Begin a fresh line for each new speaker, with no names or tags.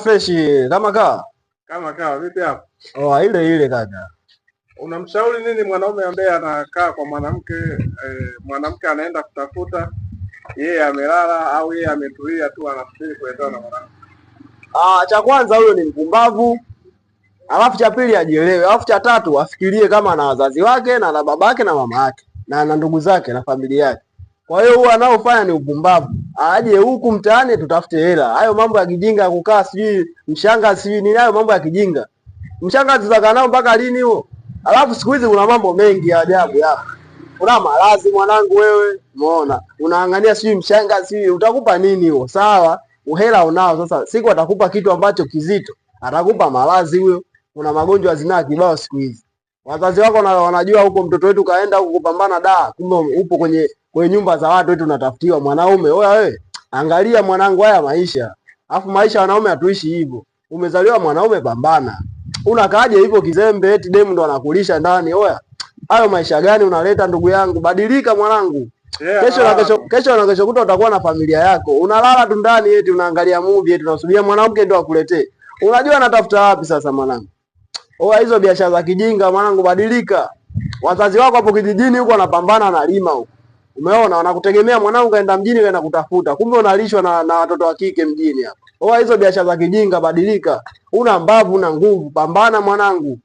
Freshi kama kaa
kama kaa vipi hapo?
Oh, ile ile kaka.
Unamshauri nini mwanaume ambaye anakaa kwa mwanamke eh, mwanamke anaenda kutafuta yeye amelala au yeye ametulia tu anafikiri kuendana na mwanamke?
Ah, cha kwanza huyo ni mpumbavu, alafu cha pili ajielewe, alafu cha tatu afikirie kama na wazazi wake na na babake na mama yake na na ndugu zake na familia yake. Kwa hiyo huwa anaofanya ni upumbavu aje huku mtaani tutafute hela. Hayo mambo ya kijinga ya kukaa sijui mshanga sijui nini, hayo mambo ya kijinga. Mshanga tutakaa nao mpaka lini huo? Alafu siku hizi kuna mambo mengi ya ajabu hapa. Kuna malazi mwanangu wewe, umeona? Unaangania sijui mshanga sijui utakupa nini huo? Sawa, uhela unao sasa. Siku atakupa kitu ambacho kizito. Atakupa malazi huyo. Kuna magonjwa zinaa kibao siku hizi. Wazazi wako na wanajua huko mtoto wetu kaenda huko kupambana da, kumbe upo kwenye kwenye nyumba za watu wetu unatafutiwa mwanaume. Oya wewe, angalia mwanangu, haya maisha. Afu maisha ya wanaume hatuishi hivyo. Umezaliwa mwanaume, pambana. Unakaaje hivyo kizembe eti demu ndo anakulisha ndani? Oya. Hayo maisha gani unaleta ndugu yangu? Badilika mwanangu. Yeah, kesho na kesho kesho na kesho kuto utakuwa na familia yako. Unalala tu ndani eti unaangalia movie eti unasubiria mwanamke ndo akuletee. Unajua natafuta wapi sasa mwanangu? Oa hizo biashara za kijinga mwanangu, badilika. Wazazi wako hapo kijijini huko wanapambana, lima huko, umeona, wanakutegemea mwanangu, kaenda mjini, kaenda kutafuta, kumbe unalishwa na, na watoto wa kike mjini hapo. Oa hizo biashara za kijinga, badilika. Una mbavu, na nguvu, pambana mwanangu.